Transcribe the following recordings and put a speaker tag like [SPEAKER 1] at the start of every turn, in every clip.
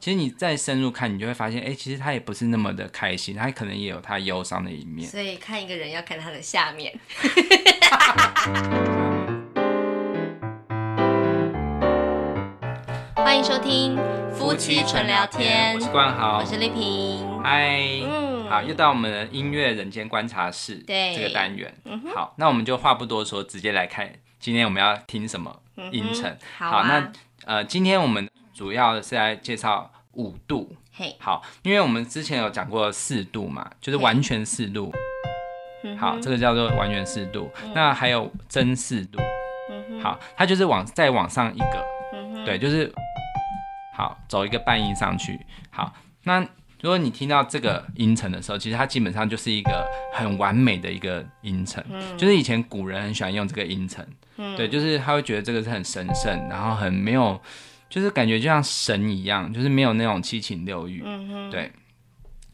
[SPEAKER 1] 其實你再深入看，你就會發現，哎、欸，其實他也不是那麼的開心，他可能也有他憂傷的一面。所
[SPEAKER 2] 以看一個人要看他的下面。歡迎收聽
[SPEAKER 1] 夫妻純聊天，我是官豪， 我是麗萍，嗨， 好，又到我們的音樂人間觀察室，對，這個單元，嗯、哼好，那我們就話不多說，直接來看今天我們要聽什麼音程。嗯好，啊、好，那呃，今天我們。主要的是來介紹五度，Hey. 好，因為我們之前有講過四度嘛，就是完全四度，Hey. 好，這個叫做完全四度。Hey. 那還有增四度，Hey. 好，它就是往再往上一個，Hey. 對，就是好走一個半音上去。好，那如果你聽到這個音程的時候，其實它基本上就是一個很完美的一個音程，Hey. 就是以前古人很喜歡用這個音程，Hey. 對，就是他會覺得這個是很神聖，然後很沒有。就是感覺就像神一樣，就是沒有那種七情六欲。嗯哼，對。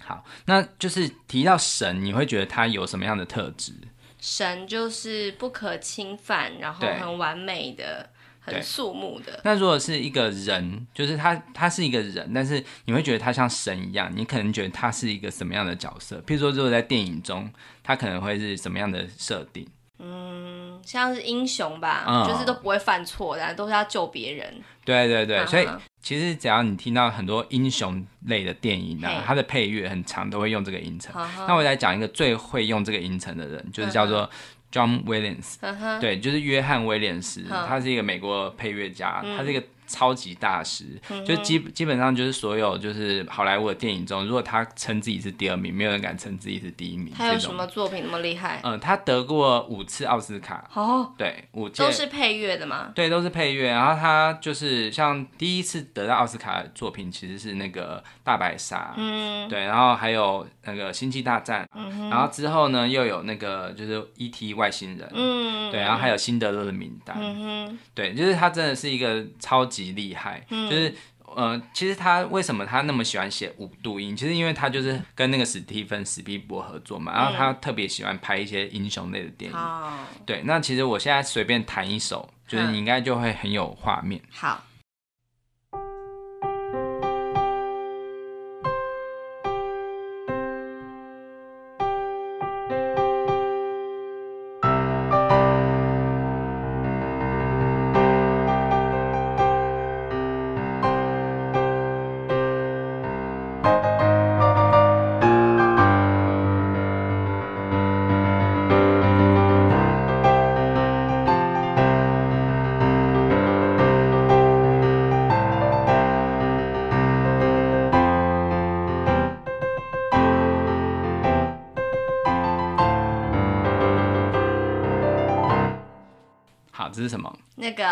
[SPEAKER 1] 好，那就是提到神，你會覺得他有什麼樣的特質？
[SPEAKER 2] 神就是不可侵犯，然後很完美的，對很肅穆的。
[SPEAKER 1] 那如果是一個人，就是他他是一個人，但是你會覺得他像神一樣，你可能覺得他是一個什麼樣的角色？譬如說，如果在電影中，他可能會是什麼樣的設定？
[SPEAKER 2] 嗯，像是英雄吧，嗯、就是都不會犯錯，然後都是要救別人。
[SPEAKER 1] 對對對，uh huh. 所以其實只要你聽到很多英雄類的電影呢、啊，它 Hey. 的配樂很常，都會用這個音程。Uh huh. 那我來講一個最會用這個音程的人，就是叫做 John Williams、uh。Huh. 對，就是約翰威廉斯，uh huh. 他是一個美國配樂家，uh huh. 他是一個。超級大師，就基基本上就是所有就是好萊塢的電影中，如果他稱自己是第二名，沒有人敢稱自己是第一名。他有什麼
[SPEAKER 2] 作品那麼厲害？
[SPEAKER 1] 嗯，他得過五次奧斯卡。哦，對，五次都是
[SPEAKER 2] 配樂的嗎？
[SPEAKER 1] 對，都是配樂。然後他就是像第一次得到奧斯卡的作品，其實是那個大白鯊，嗯，對，然後還有。那個《星際大戰》嗯哼，然後之後呢又有那個就是《E.T. 外星人》，嗯，嗯，對，然後還有《辛德勒的名單》嗯哼，對，就是他真的是一個超級厲害，嗯、就是呃，其實他為什麼他那麼喜歡寫五度音？其實因為他就是跟那個史蒂芬史匹伯合作嘛，然後他特別喜歡拍一些英雄類的電影，好對。那其實我現在隨便彈一首，嗯、覺得你應該就會很有畫面。好。是什麼？
[SPEAKER 2] 那個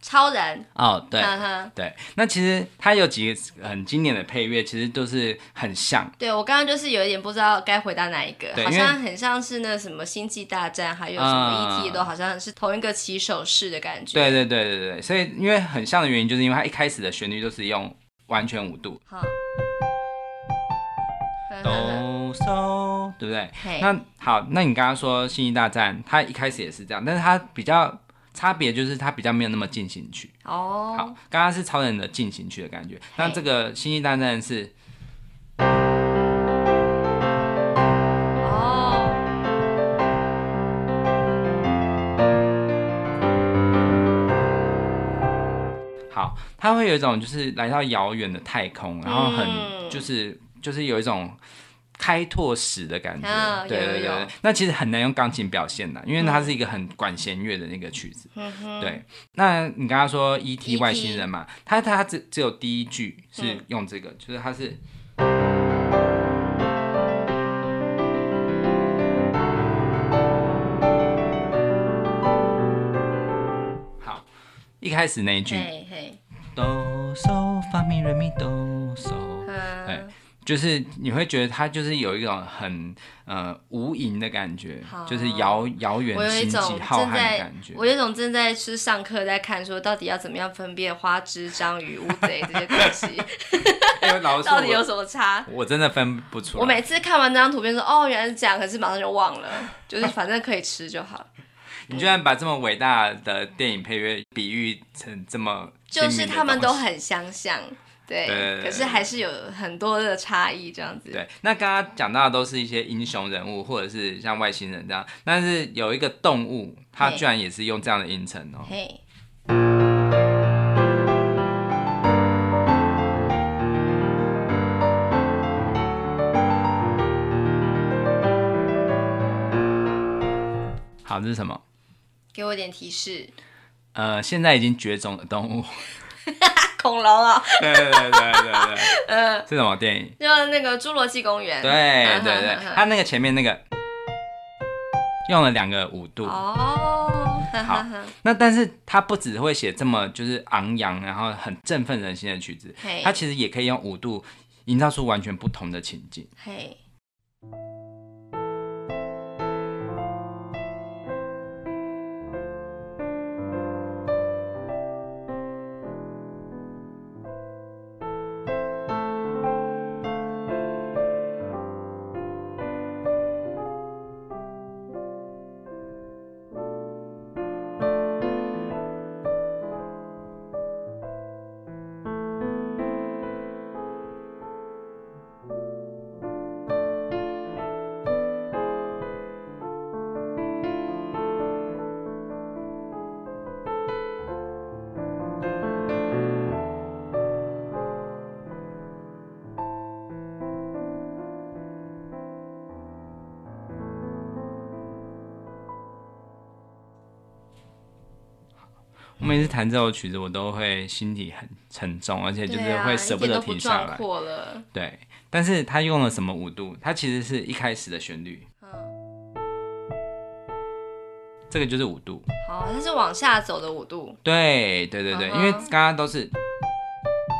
[SPEAKER 2] 超人
[SPEAKER 1] 哦，對呵呵對。那其實他有幾個很經典的配樂，其實都是很像。
[SPEAKER 2] 對，我剛剛就是有一點不知道該回答哪一個，對好像很像是那什麼星際大戰，為還有什麼 E.T.、嗯、都好像是同一個起手式的感覺。對
[SPEAKER 1] 對對對，對所以因為很像的原因，就是因為他一開始的旋律都是用完全五度。
[SPEAKER 2] 好，呵呵都
[SPEAKER 1] 收，對不對？Hey. 那好，那你剛剛說星際大戰，它一開始也是這樣，但是它比較。差別就是它比較沒有那麼進行曲哦。Oh. 好，剛剛是超人的進行曲的感覺，Hey. 那這個星際大戰是哦。好，它會有一種就是來到遙遠的太空，然後很就是就是有一種。開拓史的感覺，oh, 對，對對對，有有有，那其實很難用鋼琴表現的，嗯、因為它是一個很管弦樂的那個曲子。嗯、哼對，那你剛剛說 ET、e《ET 外星人》嘛，它它只只有第一句是用這個，嗯、就是它是好一開始那一句，哆嗦發咪來咪哆嗦，對。就是你會覺得它就是有一種很呃無垠的感覺，好就是遙遙遠星際浩瀚的感覺我。我有
[SPEAKER 2] 一種正在吃上課在看，說到底要怎麼樣分辨花枝、章魚、烏賊這些東
[SPEAKER 1] 西？ 因為老師 到底有什麼差？我，我真的分不出。我每
[SPEAKER 2] 次看完那張圖片說哦，原來是這樣，可是馬上就忘了，就是反正可以吃就好。
[SPEAKER 1] 對你居然把這麼偉大的電影配樂比喻成這麼，就是他們都
[SPEAKER 2] 很相像。對，對，對,對，可是還是有很多的差異這樣
[SPEAKER 1] 子。對，那剛剛講到的都是一些英雄人物，或者是像外星人這樣，但是有一個動物，它居然也是用這樣的音程哦、喔。嘿。Hey.
[SPEAKER 2] Hey. 好，這是什麼？給我點提示。
[SPEAKER 1] 呃，現在已經絕種的動物。 恐龍啊！ 對，對對對對對
[SPEAKER 2] 對，嗯、 呃，是什麼電影？就那個侏羅紀《侏羅紀公園》啊呵呵。對對對，
[SPEAKER 1] 他那個前面那個用了兩個五度哦。
[SPEAKER 2] 好，
[SPEAKER 1] 那但是他不只會寫這麼就是昂揚，然後很振奮人心的曲子，嘿他其實也可以用五度營造出完全不同的情境。嘿。每次彈這首曲子，我都會心裡很沉重，而且就是會捨不得停下來。對，啊、了對，但是他用了什麼五度？它其實是一開始的旋律。嗯，這個就是五度。好，
[SPEAKER 2] 它是往下走的五度
[SPEAKER 1] 對。對對對對，uh huh、因為剛剛都是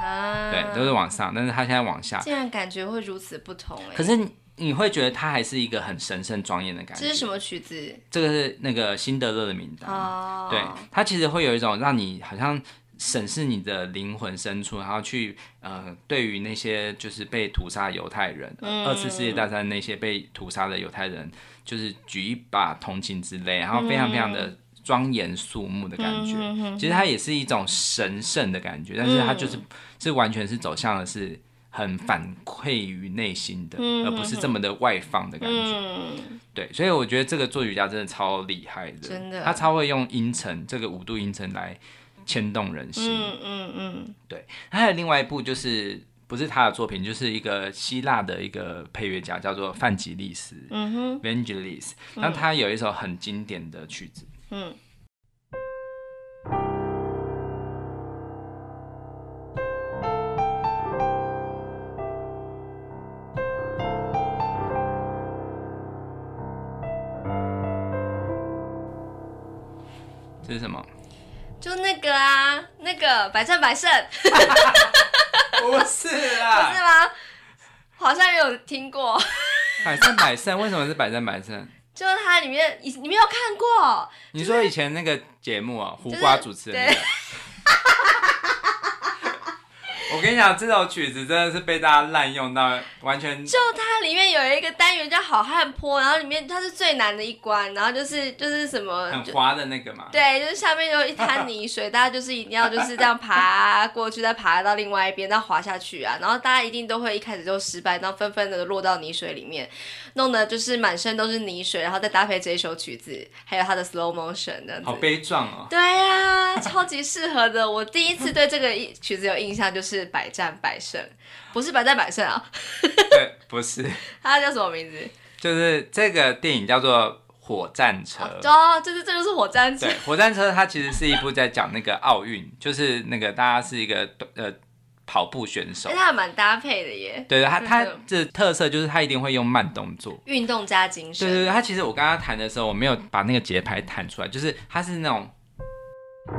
[SPEAKER 1] 啊，uh huh、對，都是往上，但是他現在往下。竟然
[SPEAKER 2] 感覺會如此不同，欸、可是
[SPEAKER 1] 你會覺得它還是一個很神聖莊嚴的感覺。這是什
[SPEAKER 2] 麼曲子？
[SPEAKER 1] 這個是那個辛德勒的名單。
[SPEAKER 2] Oh. 對，
[SPEAKER 1] 它其實會有一種讓你好像審視你的靈魂深處，然後去呃，對於那些就是被屠殺猶太人，嗯、二次世界大戰那些被屠殺的猶太人，就是舉一把同情之淚，然後非常非常的莊嚴肅穆的感覺。嗯、其實它也是一種神聖的感覺，但是它就是是完全是走向的是。很反饋於內心的，而不是這麼的外放的感覺，嗯嗯、對，所以我覺得這個作曲家真的超厲害的，真的，他超會用音程，這個五度音程來牽動人心，嗯嗯，嗯嗯對，還有另外一部就是不是他的作品，就是一個希臘的一個配樂家叫做范吉利斯，嗯哼，Vangelis，、嗯、那他有一首很經典的曲子，嗯。
[SPEAKER 2] 個百戰百勝，
[SPEAKER 1] 不是、啊、 不是
[SPEAKER 2] 嗎？我好像沒有聽過。
[SPEAKER 1] 百戰百勝， 為什麼是百戰百勝？
[SPEAKER 2] 就是它裡面你沒有看過。
[SPEAKER 1] 你說以前那個節目啊，就是、胡瓜主持人、那個。就是我跟你講，這首曲子真的是被大家濫用到完全。
[SPEAKER 2] 就它裡面有一個單元叫“好漢坡”，然後裡面它是最難的一關，然後就是就是什麼很滑的那個嘛。對，就是下面有一灘泥水， 大家就是一定要就是這樣爬、啊、過去，再爬到另外一邊，再滑下去啊。然後大家一定都會一開始就失敗，然後紛紛的落到泥水裡面。弄得就是滿身都是泥水，然後再搭配這一首曲子，還有他的 slow motion 的，好
[SPEAKER 1] 悲壯哦。
[SPEAKER 2] 對呀、啊，超級適合的。 我第一次對這個曲子有印象就是《百戰百勝》，不是《百戰百勝》啊。 對，
[SPEAKER 1] 不是。
[SPEAKER 2] 它 叫什麼名字？
[SPEAKER 1] 就是這個電影叫做《火戰車》。哦，
[SPEAKER 2] 就是這就是《火戰車》。《
[SPEAKER 1] 火戰車》它其實是一部在講那個奧運， 就是那個大家是一個呃。跑步選手，他
[SPEAKER 2] 蠻搭配的耶。對，他、嗯、哼他
[SPEAKER 1] 這特色就是他一定會用慢動作，
[SPEAKER 2] 運動加精神。
[SPEAKER 1] 對，對對，他其實我剛剛彈的時候，我沒有把那個節拍彈出來，就是他是那種，嗯、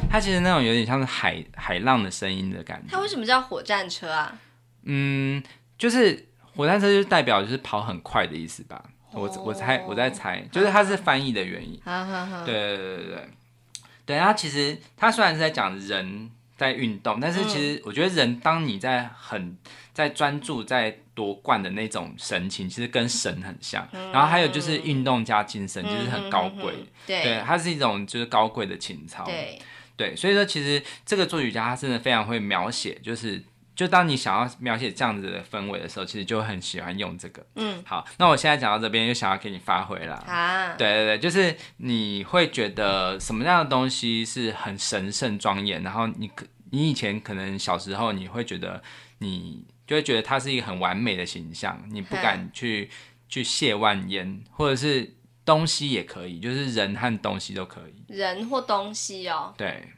[SPEAKER 1] 哼他其實那種有點像是海海浪的聲音的感覺。他
[SPEAKER 2] 為什麼叫火戰車啊？嗯，
[SPEAKER 1] 就是。火山戰車就代表就是跑很快的意思吧，oh, 我我猜我在猜，就是它是翻譯的原因。對 對對對對，對，他其實它雖然是在講人在運動，但是其實我覺得人當你在很在專注在奪冠的那種神情，其實跟神很像。然後還有就是運動家精神，就是很高貴。對，它是一種就是高貴的情操。對，對，所以說其實這個作曲家他真的非常會描寫，就是。就當你想要描寫這樣子的氛圍的時候，其實就很喜歡用這個。嗯，好，那我現在講到這邊，就想要給你發揮了。啊，對對對，就是你會覺得什麼樣的東西是很神聖莊嚴？然後你可，你以前可能小時候你會覺得你，你就會覺得它是一個很完美的形象，你不敢去、嗯、去褻玩焉，或者是東西也可以，就是人和東西都可以。
[SPEAKER 2] 人或東西哦。對。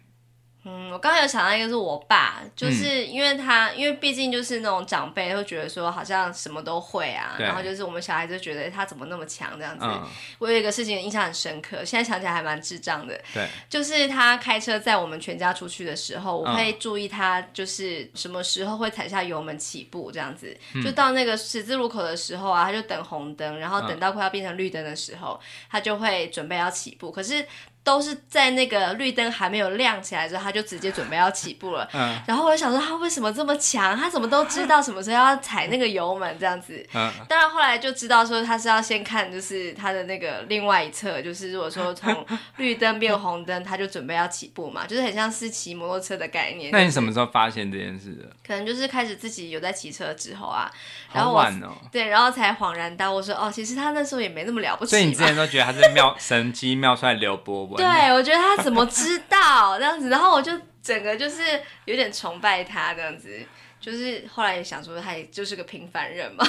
[SPEAKER 2] 嗯，我剛才有想到一個，是我爸，就是因為他，嗯、因為畢竟就是那種長輩，會覺得說好像什麼都會啊，對然後就是我們小孩就覺得他怎麼那麼強這樣子。嗯、我有一個事情印象很深刻，現在想起來還蠻智障的。對，就是他開車載我們全家出去的時候，嗯、我會注意他就是什麼時候會踩下油門起步這樣子。嗯、就到那個十字路口的時候啊，他就等紅燈，然後等到快要變成綠燈的時候，嗯、他就會準備要起步，可是。都是在那個綠燈還沒有亮起來的時候，他就直接準備要起步了。嗯、然後我就想說，他為什麼這麼強？他怎麼都知道什麼時候要踩那個油門這樣子？當然、嗯、後來就知道說他是要先看，就是他的那個另外一側，就是如果說從綠燈變紅燈，嗯、他就準備要起步嘛，就是很像是騎摩托車的概念。那你什
[SPEAKER 1] 麼時候發現這件事的？
[SPEAKER 2] 可能就是開始自己有在騎車之後啊，
[SPEAKER 1] 然後我好玩哦。
[SPEAKER 2] 對，然後才恍然大悟說，哦，其實他那時候也沒那麼了不起。所以你之前都
[SPEAKER 1] 覺得他是妙神機妙算劉伯伯。 對，
[SPEAKER 2] 我覺得他怎麼知道這樣子， 這樣子，然後我就整個就是有點崇拜他這樣子，就是後來也想說他就是個平凡人嘛。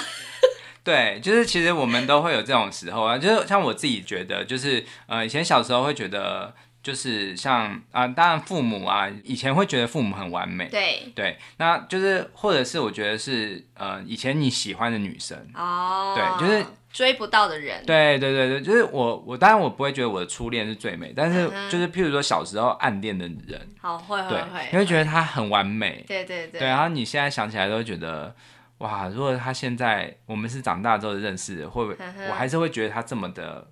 [SPEAKER 1] 對，就是其實我們都會有這種時候啊，就是像我自己覺得，就是呃，以前小時候會覺得，就是像啊，當然父母啊，以前會覺得父母很完美。對對，那就是或者是我覺得是呃，以前你喜歡的女生
[SPEAKER 2] 哦，對，就是。追不到的人，
[SPEAKER 1] 對對對對，就是我我當然我不會覺得我的初戀是最美，uh huh. 但是就是譬如說小時候暗戀的人，好
[SPEAKER 2] 會會會，你
[SPEAKER 1] 會覺得他很完美，uh huh.
[SPEAKER 2] 對，對對對，對，
[SPEAKER 1] 然後你現在想起來都會覺得哇，如果他現在我們是長大之後認識的，會不會我還是會覺得他這麼的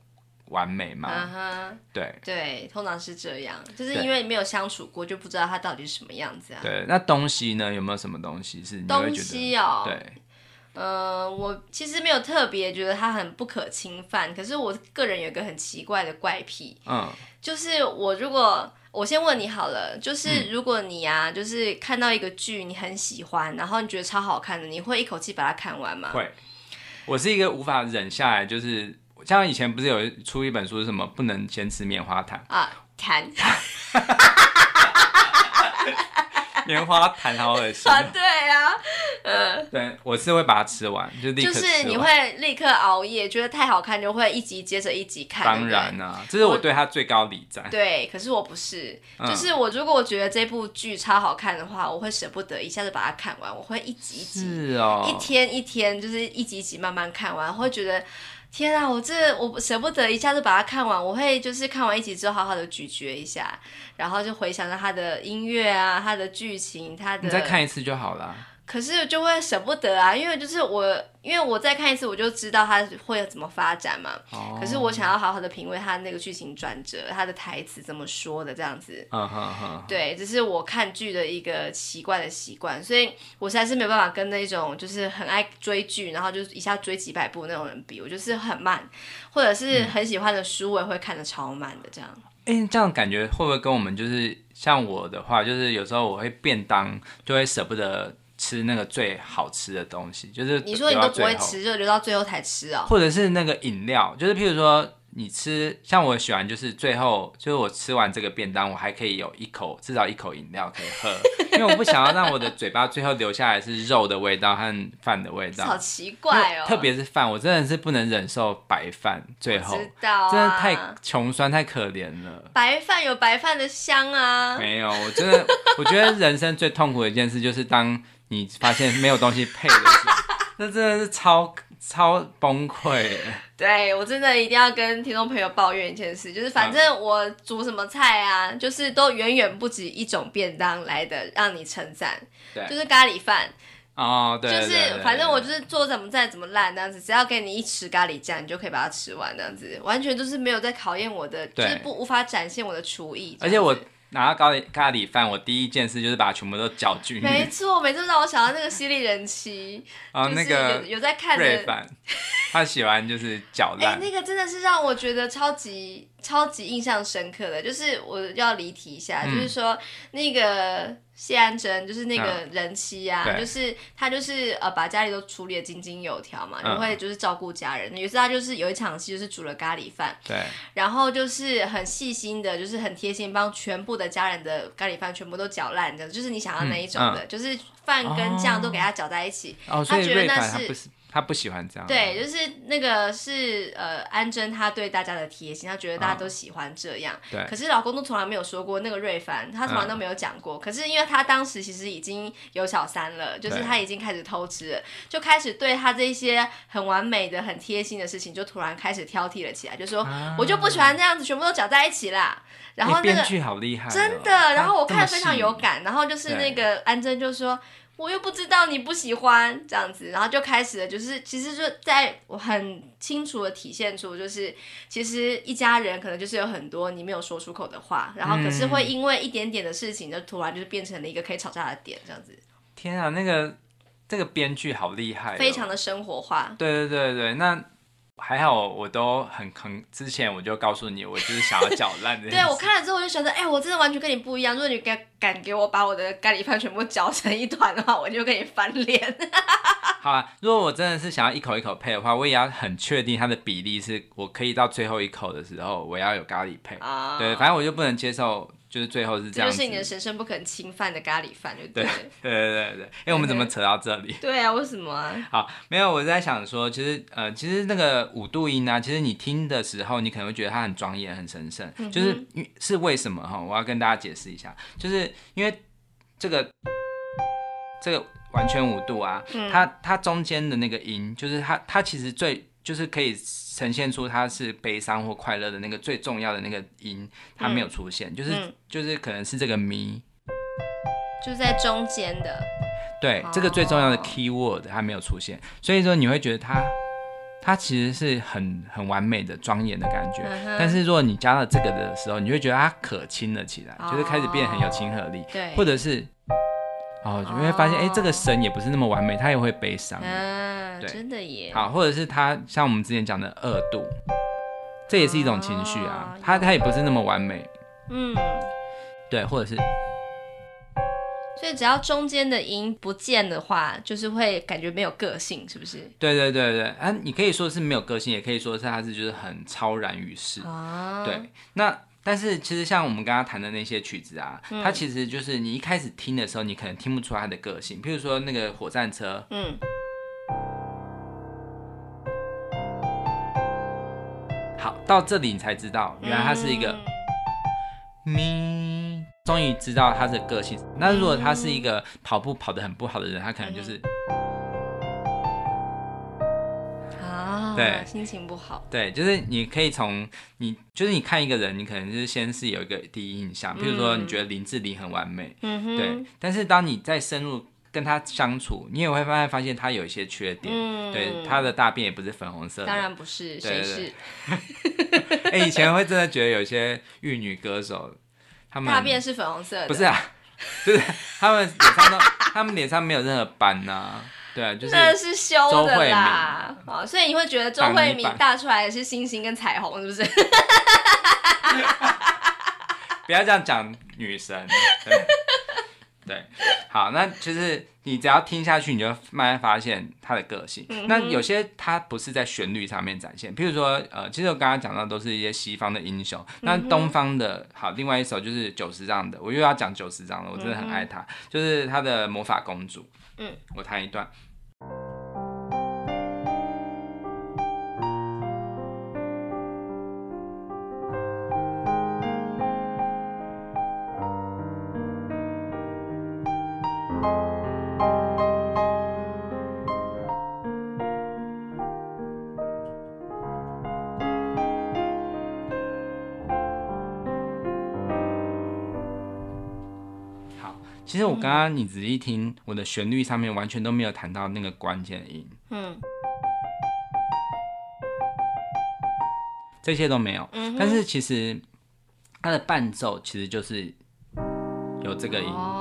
[SPEAKER 1] 完美嗎？Uh huh. 對
[SPEAKER 2] 對，通常是這樣，就是因為沒有相處過，對就不知道他到底是什麼樣子啊。對，
[SPEAKER 1] 那東西呢，有沒有什麼東西是你會覺得東西、哦、對？
[SPEAKER 2] 嗯、呃，我其實沒有特別覺得他很不可侵犯，可是我個人有一個很奇怪的怪癖，嗯，就是我如果我先問你好了，就是如果你呀、啊，嗯、就是看到一個劇你很喜歡，然後你覺得超好看的，你會一口氣把它看完嗎？
[SPEAKER 1] 會。我是一個無法忍下來，就是像以前不是有出一本書是什麼，不能先吃棉花糖
[SPEAKER 2] 啊，糖。Uh, ten.
[SPEAKER 1] 棉花糖。好噁心啊！對啊，嗯，
[SPEAKER 2] 對，
[SPEAKER 1] 我是會把它吃完，就，吃完就是，你會
[SPEAKER 2] 立刻熬夜，覺得太好看就會一集接着一集看。當
[SPEAKER 1] 然啊，對這是我對他最高禮讚。
[SPEAKER 2] 對，可是我不是，就是我如果我覺得這部劇超好看的話，嗯、我會捨不得一下子把它看完，我會一集一
[SPEAKER 1] 集，哦、一天
[SPEAKER 2] 一天就是一集一集慢慢看完，我會覺得。天啊，我這我捨不得一下子把它看完，我會就是看完一集之後好好的咀嚼一下，然後就回想到它的音樂啊、它的劇情、它的。你再看一次
[SPEAKER 1] 就好了。
[SPEAKER 2] 可是就會舍不得啊，因為就是我，因為我再看一次，我就知道他會怎麼發展嘛。Oh. 可是我想要好好的品味他那個劇情轉折，他的台詞怎麼說的這樣子。Oh,
[SPEAKER 1] oh, oh, oh.
[SPEAKER 2] 對，這、就是我看劇的一個奇怪的習慣，所以我實在是沒有辦法跟那種就是很愛追劇，然後就一下追幾百部那種人比，我就是很慢，或者是很喜歡的書，我也會看得超慢的這樣。
[SPEAKER 1] 哎、嗯欸，這樣感覺會不會跟我們就是像我的話，就是有時候我會便當就會舍不得。吃那個最好吃的東西，就是你說你都不會吃，
[SPEAKER 2] 就留到最後才吃啊、喔。或
[SPEAKER 1] 者是那個飲料，就是譬如說，你吃像我喜歡，就是最後就是我吃完這個便當，我還可以有一口至少一口飲料可以喝，
[SPEAKER 2] 因為我不想要讓
[SPEAKER 1] 我的嘴巴最後留下來是肉的味道和飯的味道，好
[SPEAKER 2] 奇怪哦、喔。特別
[SPEAKER 1] 是飯，我真的是不能忍受白飯最後，啊、真的太窮酸太可憐了。
[SPEAKER 2] 白飯有白飯的香啊。
[SPEAKER 1] 沒有，我真的我覺得人生最痛苦的一件事就是當。你發現沒有東西配的， 那真的是超超崩潰。
[SPEAKER 2] 對，我真的一定要跟聽眾朋友抱怨一件事，就是反正我煮什麼菜啊，啊就是都遠遠不及一種便當來的讓你稱讚。對，就是咖喱飯哦，對，
[SPEAKER 1] 對，對，對，就是反正我就是
[SPEAKER 2] 做怎麼再怎麼爛那樣子，只要給你一匙咖喱醬，你就可以把它吃完那樣子，完全就是沒有在考驗我的，對就是不無法展現我的廚藝。
[SPEAKER 1] 而且我。然後咖喱咖喱飯，我第一件事就是把它全部都攪均勻。沒
[SPEAKER 2] 錯，每次讓我想到那個犀利人妻
[SPEAKER 1] 啊，那 個有在看的、哦、那個、瑞凡，他喜歡就是攪爛、 欸。
[SPEAKER 2] 那個真的是讓我覺得超級。超級印象深刻的，就是我要離題一下，嗯、就是說那個謝安真，就是那個人妻啊，嗯、就是他就是呃把家裡都處理的井井有條嘛，嗯、就會就是照顧家人。於是她，他就是有一場戲，就是煮了咖喱飯，對，然後就是很細心的，就是很貼心，幫全部的家人的咖喱飯全部都攪爛的，就是你想要那一種的，嗯、就是飯跟醬、哦、都給他攪在一起，哦、他覺得那是。
[SPEAKER 1] 他不喜歡這樣。對，就
[SPEAKER 2] 是那個是呃，安真，他對大家的貼心，他覺得大家都喜歡這樣。嗯、對。可是老公都從來沒有說過，那個瑞凡他從來都沒有講過。嗯、可是因為他當時其實已經有小三了，就是他已經開始偷吃了，對就開始對他這一些很完美的、很貼心的事情，就突然開始挑剔了起來，就說：“啊、我就不喜歡這樣子，哇全部都攪在一起啦。”然後、那個、編劇
[SPEAKER 1] 好厲害、哦，真的。然後我看非常有
[SPEAKER 2] 感。啊、然後就是那個安真就說。我又不知道你不喜歡這樣子，然後就開始了，就是其實就在我很清楚的體現出，就是其實一家人可能就是有很多你沒有說出口的話，然後可是會因為一點點的事情，就突然就是變成了一個可以吵架的點，這樣子，嗯。
[SPEAKER 1] 天啊，那個這個編劇好厲害哦，非常
[SPEAKER 2] 的生活化。對
[SPEAKER 1] 對對對，那。還好，我都很很，之前我就告訴你，我就是想要攪爛的。 對，我看
[SPEAKER 2] 了之後，我就覺得，哎、欸，我真的完全跟你不一樣。如果你敢敢給我把我的咖喱飯全部攪成一團的話，我就跟你翻臉。
[SPEAKER 1] 好啊，如果我真的是想要一口一口配的話，我也要很確定它的比例是，我可以到最後一口的時候，我要有咖喱配。啊，對，反正我就不能接受。就是最後是這樣子，這就
[SPEAKER 2] 是你的神聖不可能侵犯的咖喱飯，
[SPEAKER 1] 對對對對對。欸，我們怎麼扯到這裡？
[SPEAKER 2] 對啊，為什麼啊？
[SPEAKER 1] 好，沒有，我是在想說，其實，呃，其實那個五度音啊，其實你聽的時候，你可能會覺得它很莊嚴、很神聖。就是是為什麼哈？我要跟大家解釋一下，就是因為這個這個完全五度啊，它它中間的那個音，就是它它其實最。就是可以呈現出它是悲傷或快樂的那個最重要的那個音，嗯、它沒有出現，就是、嗯、就是可能是這個 Mi，
[SPEAKER 2] 就在中間的。
[SPEAKER 1] 對，oh. 這個最重要的 keyword 它沒有出現，所以說你會覺得它它其實是很很完美的莊嚴的感覺。Uh huh. 但是如果你加了這個的時候，你會覺得它可親了起來，oh. 就是開始變得很有親和力。對，或者是哦，你會發現哎、oh. 欸，這個神也不是那麼完美，他也會悲傷。Uh huh. 對
[SPEAKER 2] 真的耶！
[SPEAKER 1] 好，或者是他像我們之前講的二度，這也是一種情緒啊。啊他他也不是那麼完美。嗯。
[SPEAKER 2] 對，或者是。所以只要中間的音不見的話，就是會感覺沒有個性，是不是？
[SPEAKER 1] 對對對對，哎、啊，你可以說是沒有個性，也可以說是他是就是很超然於世。啊、對。那但是其實像我們剛剛彈的那些曲子啊，它、嗯、其實就是你一開始聽的時候，你可能聽不出來他的個性。譬如說那個《火戰車》。嗯。到這裡你才知道，原來他是一個咪，終於、嗯、知道他的個性。那如果他是一個跑步跑得很不好的人，他可能就是啊，對，心情不好。對，就是你可以從你就是你看一個人，你可能就是先是有一個第一印象，比如說你覺得林志玲很完美，嗯哼，對。但是當你再深入。跟他相處，你也會慢慢發現他有一些缺點。嗯，對，他的大便也不是粉紅色的，當然不是，對對對是。哎、 欸，以前會真的覺得有些玉女歌手，他們大便是粉紅色的，不是啊，就是他們臉上都 他們臉上沒有任何斑吶、啊。對、啊，就是慧。那是修的
[SPEAKER 2] 啊，所以你會覺得周慧敏大出來的是星星跟彩虹，是不是？
[SPEAKER 1] 不要這樣講女神。對對，好，那其實你只要聽下去，你就慢慢發現他的個性。嗯、哼那有些他不是在旋律上面展現，譬如說，呃，其實我剛剛講到都是一些西方的英雄。那東方的，好，另外一首就是久石讓的，我又要講久石讓了，我真的很愛他，嗯、哼就是他的魔法公主。嗯，我彈一段。其實我剛剛，你仔細聽我的旋律上面完全都沒有彈到那個關鍵的音，嗯，這些都沒有，嗯，但是其實它的伴奏其實就是有這個音。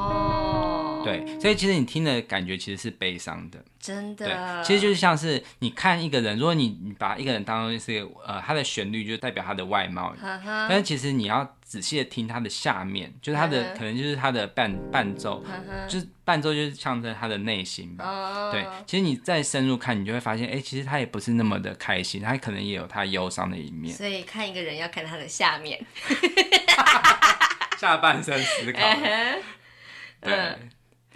[SPEAKER 1] 對，所以其實你聽的感覺其實是悲傷的，真
[SPEAKER 2] 的對。其實就
[SPEAKER 1] 是像是你看一個人，如果你你把一個人當成是呃，他的旋律就代表他的外貌，uh huh. 但是其實你要仔細的聽他的下面，就是他的、uh huh. 可能就是他的伴伴奏，uh huh. 就是伴奏就是象徵他的內心吧。Uh huh. 對，其實你再深入看，你就會發現，哎、欸，其實他也不是那麼的開心，他可能也有他憂傷的一面。所
[SPEAKER 2] 以看一個人要看他的下面，
[SPEAKER 1] 下半身思考。
[SPEAKER 2] Uh huh.
[SPEAKER 1] 對。Uh huh.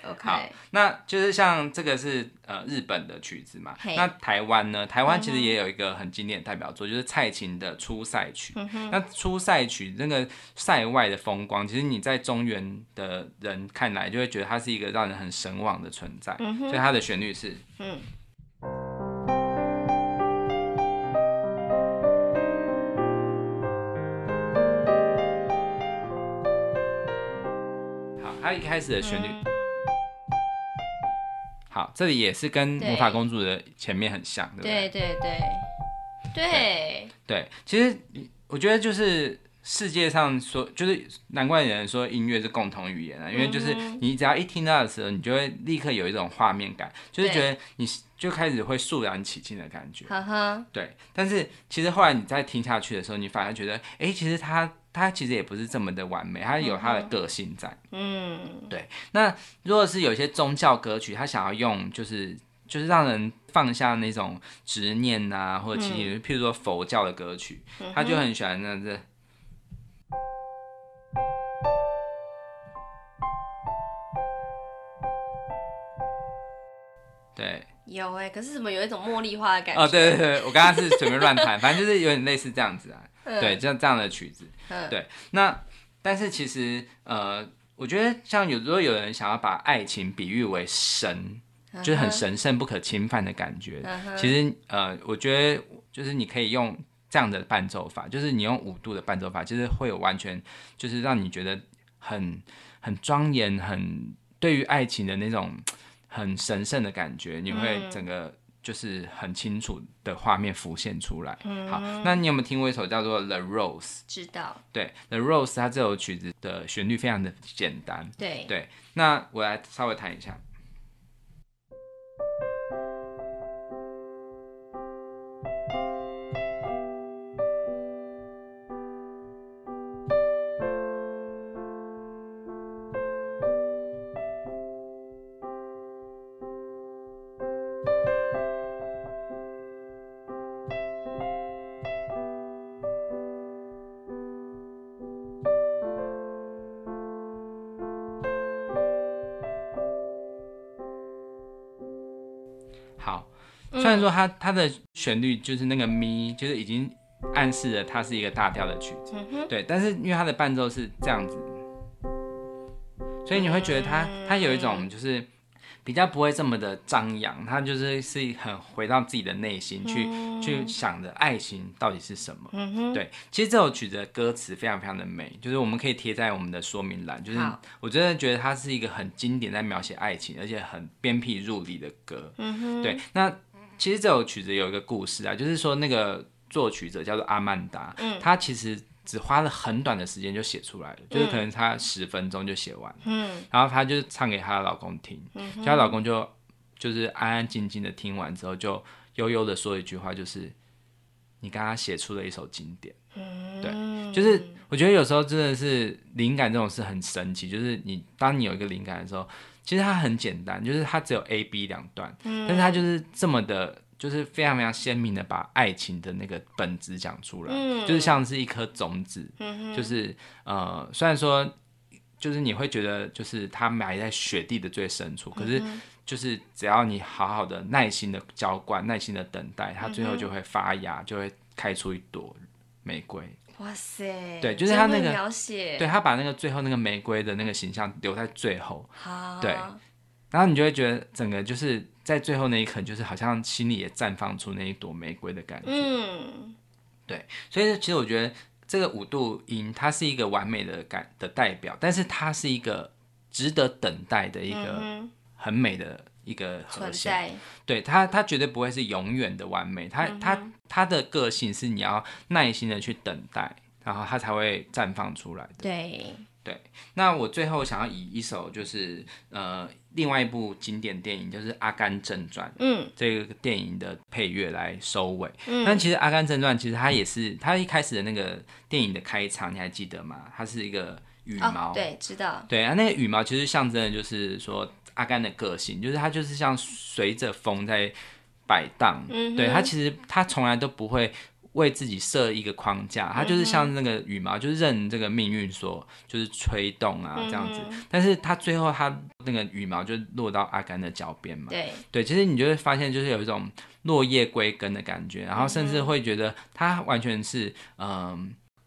[SPEAKER 1] Okay. 好，那就是像這個是呃日本的曲子嘛？Hey. 那台灣呢？台灣其實也有一個很經典的代表作，嗯、哼就是蔡琴的《出塞曲》，嗯哼。那《出塞曲》那個塞外的風光，其實你在中原的人看來，就會覺得它是一個讓人很神往的存在。嗯、哼所以它的旋律是，嗯、
[SPEAKER 2] 好，
[SPEAKER 1] 他一開始的旋律。嗯好，這裡也是跟魔法公主的前面很像，對，對
[SPEAKER 2] 不對？對對
[SPEAKER 1] 對對對，其實我覺得就是世界上說，就是難怪有人說音樂是共同語言啊。嗯、哼因為就是你只要一聽到的時候，你就會立刻有一種畫面感，就是覺得你就開始會肅然起敬的感覺。哈哈對，對。但是其實後來你再聽下去的時候，你反而覺得，哎，其實他。他其實也不是這麼的完美，他有他的個性在。嗯，
[SPEAKER 2] 嗯，
[SPEAKER 1] 對。那如果是有一些宗教歌曲，他想要用，就是就是讓人放下那種執念啊，或者其實，譬如說佛教的歌曲，他、嗯、哼就很喜歡那樣子。嗯、哼對。
[SPEAKER 2] 有哎、欸，可是怎麼有一種茉莉花的感覺？哦，對對對，我剛剛是準備亂彈， 反
[SPEAKER 1] 正就是有點類似這樣子啊。 對，這樣這樣的曲子， 對，那但是其實，呃，我覺得像有時候有人想要把愛情比喻為神，
[SPEAKER 2] 就是很神
[SPEAKER 1] 聖、不可侵犯的感覺。 其實，呃，我覺得就是你可以用這樣的伴奏法，就是你用五度的伴奏法，就是會有完全就是讓你覺得很很莊嚴、很對於愛情的那種很神聖的感覺， 你會整個。就是很清楚的畫面浮現出來。嗯、好，那你有沒有聽過一首叫做《The Rose》？知道。對，《The Rose》它這首曲子的旋律非常的簡單。對對，那我來稍微彈一下。雖然說它它的旋律就是那個咪，就是已經暗示了它是一個大調的曲子，嗯、哼對。但是因為它的伴奏是這樣子，所以你會覺得它它有一種就是比較不會這麼的張揚，它就是是很回到自己的內心去、嗯、哼去想着愛情到底是什麼。嗯、哼對。其實這首曲子的歌詞非常非常的美，就是我們可以貼在我們的說明欄。就是我真的覺得它是一個很經典在描寫愛情，而且很鞭辟入裡的歌。嗯、哼對。那。其實這首曲子有一個故事啊，就是說那個作曲者叫做阿曼達，他其實只花了很短的時間就寫出來了，嗯、就是可能他十分鐘就寫完了，嗯、然後她就唱給她的老公聽，嗯哼，她老公就就是安安靜靜的聽完之後，就悠悠的說一句話，就是你剛剛寫出了一首經典，對，就是我覺得有時候真的是靈感這種事很神奇，就是你當你有一個靈感的時候。其實它很簡單，就是它只有 A、B 兩段，但是它就是這麼的，就是非常非常鮮明的把愛情的那個本質講出來，就是像是一顆種子，就是呃，雖然說就是你會覺得就是它埋在雪地的最深處，可是就是只要你好好的耐心的澆灌，耐心的等待，它最後就會發芽，就會開出一朵玫瑰。
[SPEAKER 2] 哇塞！對，就是他那個描寫，對，他
[SPEAKER 1] 把那個最後那個玫瑰的那個形象留在最後，好、對，然後你就會覺得整個就是在最後那一刻，就是好像心裡也綻放出那一朵玫瑰的感
[SPEAKER 2] 覺。
[SPEAKER 1] 嗯，對，所以其實我覺得這個五度音，它是一個完美的感的代表，但是它是一個值得等待的一個很美的。一個和
[SPEAKER 2] 諧，
[SPEAKER 1] 在對他，他絕對不會是永遠的完美，他、嗯、哼他他的個性是你要耐心的去等待，然後他才會綻放出來的。對對，那我最後想要以一首就是呃另外一部經典電影就是《阿甘正傳》嗯，這個電影的配樂來收尾。嗯，但其實《阿甘正傳》其實它也是它、嗯、一開始的那個電影的開場，你還記得嗎？它是一個
[SPEAKER 2] 羽毛，哦、對，知道，
[SPEAKER 1] 對啊，那個羽毛其實象徵的就是說。阿甘的個性就是他就是像隨着風在擺盪，嗯、哼對他其實他從來都不會為自己設一個框架，嗯、哼他就是像那個羽毛，就是任這個命運所，就是吹動啊這樣子。嗯、哼但是他最後他那個羽毛就落到阿甘的腳邊嘛，對對，其實你就會發現就是有一種落葉歸根的感覺，然後甚至會覺得他完全是嗯、呃，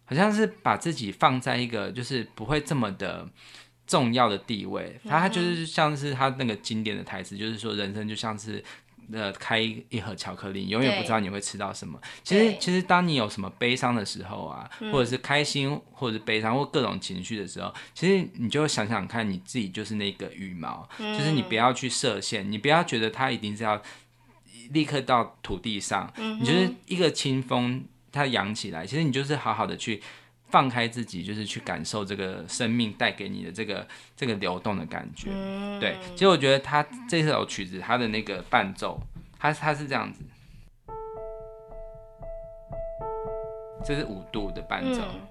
[SPEAKER 1] 好像是把自己放在一個就是不會這麼的。重要的地位，他他就是像是他那個經典的台詞，嗯、哼就是說人生就像是呃開一盒巧克力，永遠不知道你會吃到什麼。其實對其實，其實當你有什麼悲傷的時候啊，對或者是開心，或者是悲傷，或各種情緒的時候，嗯、其實你就想想看，你自己就是那個羽毛，嗯、就是你不要去設限，你不要覺得它一定是要立刻到土地上，嗯、哼你就是一個清風，它揚起來。其實你就是好好的去。放開自己，就是去感受這個生命帶給你的這個這個流動的感覺。對，其實我覺得他這首曲子，他的那個伴奏，他他是這樣子，這是五度的伴奏。嗯、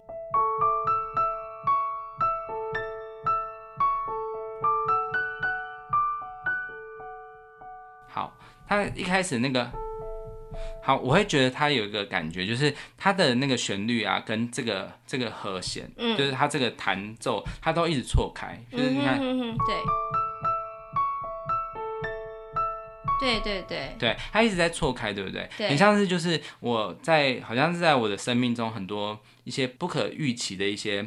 [SPEAKER 1] 好，他一開始那個。好，我會覺得它有一個感覺，就是它的那個旋律啊，跟這個這個和弦，嗯、就是它這個彈奏，它都一直錯開，就是你看，嗯、哼
[SPEAKER 2] 哼對。對
[SPEAKER 1] 對對，對，他一直在錯開，對不對？對，很像是就是我在，好像是在我的生命中很多一些不可預期的一些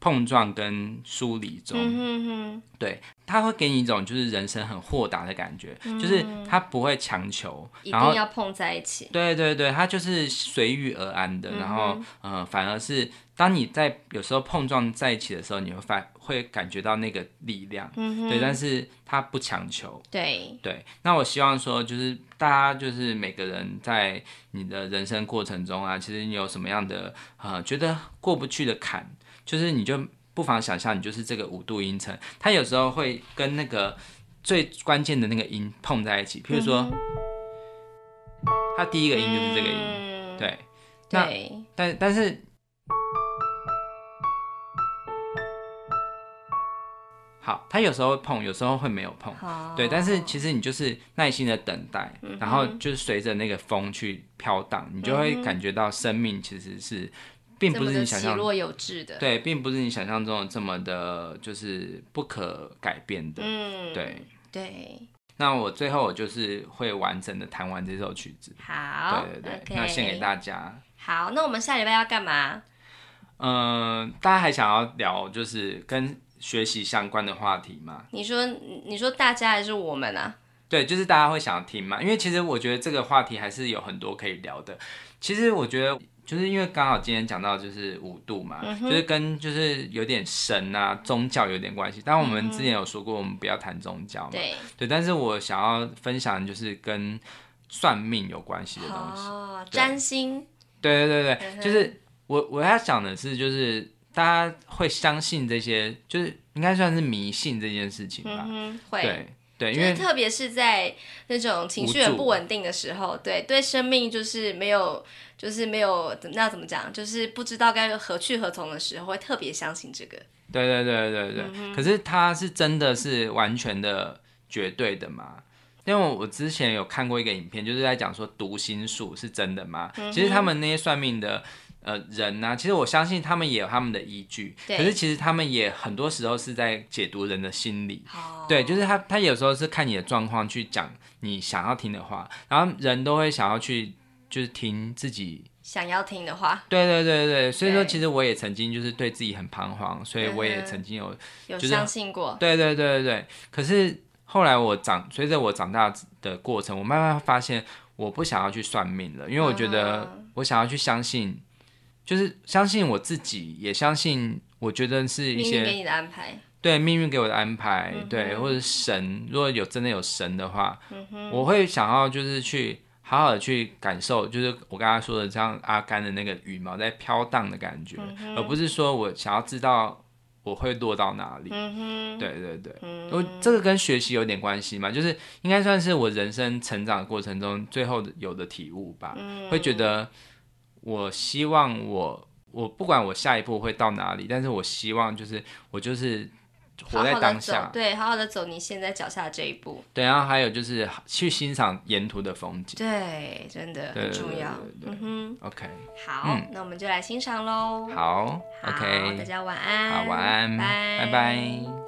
[SPEAKER 1] 碰撞跟梳理中，嗯、哼哼，對，他會給你一種就是人生很豁達的感覺，嗯、就是他不會強求，一定要
[SPEAKER 2] 碰在一起。
[SPEAKER 1] 對對對，他就是隨遇而安的，嗯、哼然後，嗯、呃，反而是。當你在有時候碰撞在一起的時候，你會發會感覺到那個力量，嗯、哼對，但是它不強求，對對。那我希望說，就是大家就是每個人在你的人生過程中啊，其實你有什麼樣的呃覺得過不去的坎，就是你就不妨想象，你就是這個五度音程，它有時候會跟那個最關鍵的那個音碰在一起。譬如說，嗯、哼它第一個音就是這個音，嗯、對，
[SPEAKER 2] 那對但但是。
[SPEAKER 1] 好，它有時候會碰，有時候會沒有碰，oh. 對。但是其實你就是耐心的等待，嗯、哼然後就是隨着那個風去飄蕩，嗯、哼你就會感覺到生命其實是，並不是你想象若有質的，對，並不是你想象中的這麼的，就是不可改變的。嗯，對對。對那我最後我就是會完整的彈完這首曲子，
[SPEAKER 2] 好，對對對，okay 那獻給大
[SPEAKER 1] 家。
[SPEAKER 2] 好，那我們下禮拜要幹嘛？嗯、
[SPEAKER 1] 呃，大家還想要聊，就是跟。學習相關的話題嗎？
[SPEAKER 2] 你說，你說大家還是我們啊？
[SPEAKER 1] 對，就是大家會想聽嘛。因為其實我覺得這個話題還是有很多可以聊的。其實我覺得，就是因為剛好今天講到就是五度嘛，嗯、哼就是跟就是有點神啊宗教有點關係。但我們之前有說過，我們不要談宗教嘛。對、嗯、哼對。但是我想要分享，就是跟算命有關係的東西。
[SPEAKER 2] 哦，對占星。
[SPEAKER 1] 對對對對，嗯、哼就是我我要講的是就是。大家會相信這些，就是應該算是迷信這件事情吧？嗯、哼對會，對，因為特
[SPEAKER 2] 別是在那種情緒很不穩定的時候，助對，對，生命就是沒有，就是沒有，那怎麼講？就是不知道該何去何從的時候，會特別相信這個。
[SPEAKER 1] 對，對，對，對，對，對、嗯哼，對，對，對。可是他是真的是完全的絕對的嗎？因為我之前有看過一個影片，就是在講說讀心術是真的嗎？嗯、哼其實他們那些算命的。呃，人呢、啊？其實我相信他們也有他們的依據，對可是其實他們也很多時候是在解讀人的心理。Oh. 對，就是他，他有時候是看你的狀況去講你想要聽的話，然後人都會想要去就是聽自己
[SPEAKER 2] 想要聽的話。
[SPEAKER 1] 對對對對，所以說其實我也曾經就是對自己很彷徨，所以我也曾經有、就
[SPEAKER 2] 是、 有相信過。
[SPEAKER 1] 對對對對對，可是後來我長隨着我長大的過程，我慢慢發現我不想要去算命了，因為我覺得我想要去相信。就是相信我自己，也相信我覺得是一些命運給你的安排，對，命運給我的安排，嗯、哼對，或者神，如果有真的有神的話，嗯、哼我會想要就是去好好的去感受，就是我剛剛說的像阿甘的那個羽毛在飄蕩的感覺，嗯、哼而不是說我想要知道我會落到哪裡。嗯、哼對對對，因為這個跟學習有點關係嘛，就是應該算是我人生成長的過程中最後有的體悟吧，嗯、哼會覺得。我希望我我不管我下一步會到哪裡，但是我希望就是我就是活在當下好好，
[SPEAKER 2] 對，好好的走你現在腳下的這一步，
[SPEAKER 1] 對、啊，然後還有就是去欣賞沿途的風景，
[SPEAKER 2] 對，真的對很重要，對對對嗯哼，OK，好，嗯、那我們就來欣賞嘍，好，OK，好，大家晚安，好，晚安，拜拜 Bye。Bye
[SPEAKER 1] bye